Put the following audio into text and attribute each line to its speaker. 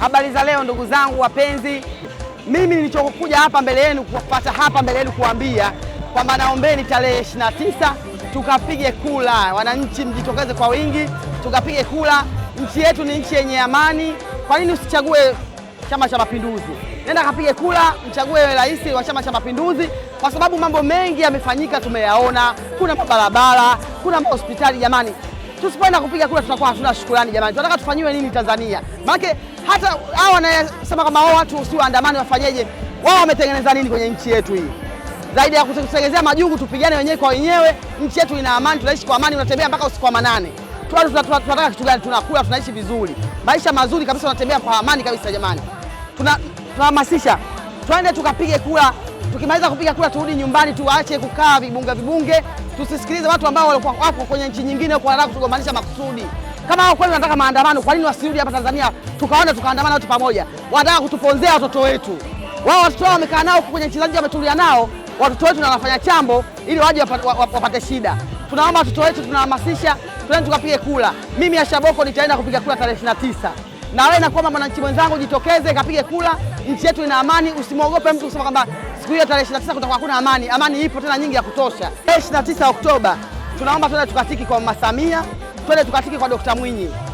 Speaker 1: Habari za leo ndugu zangu wapenzi, mimi nilichokuja hapa mbele yenu kupata hapa mbele yenu kuambia kwamba naombeni tarehe 29 tukapige kula. Wananchi mjitokeze kwa wingi tukapige kula. Nchi yetu ni nchi yenye amani, kwa nini usichague Chama cha Mapinduzi? Nenda kapige kula, mchague rais wa Chama cha Mapinduzi, kwa sababu mambo mengi yamefanyika, tumeyaona. Kuna mabarabara, kuna mahospitali, jamani tusipoenda kupiga kura tunakuwa hatuna shukurani Jamani, tunataka tufanyiwe nini Tanzania? Maana hata hao wanasema kama wao watu si waandamani, wafanyeje? Wao wametengeneza nini kwenye nchi yetu hii zaidi ya kutengenezea majungu? Tupigane wenyewe kwa wenyewe, nchi yetu ina amani, tunaishi kwa amani, unatembea mpaka usiku wa manane. Tunataka kitu gani? Tunakula, tunaishi vizuri, maisha mazuri kabisa, unatembea kwa amani kabisa. Jamani, tunahamasisha tuende tukapige kura. Tukimaliza kupiga kura turudi nyumbani, tuache kukaa vibunge vibunge, tusisikilize watu ambao walikuwa wapo kwenye nchi nyingine kwa nataka kutugombanisha makusudi. Kama wao kweli wanataka maandamano, kwa nini wasirudi hapa Tanzania tukaona tukaandamana wote pamoja? Wanataka kutuponzea watoto wetu. Wao watoto wao wamekaa nao kwenye nchi zao, wametulia nao watoto wetu, na wanafanya chambo ili waje wapate shida. Tunaomba watoto wetu, tunahamasisha tuende tukapige kura. Mimi Ashaboko nitaenda kupiga kura tarehe 29 na wewe na nakuomba mwananchi mwenzangu, jitokeze kapige kura. Nchi yetu ina amani, usimwogope mtu kusema kwamba siku hiyo tarehe 29 kutakuwa hakuna amani. Amani ipo tena nyingi ya kutosha. Tarehe 29 Oktoba tunaomba twende tukatiki kwa Mama Samia, twende tukatiki kwa Dokta Mwinyi.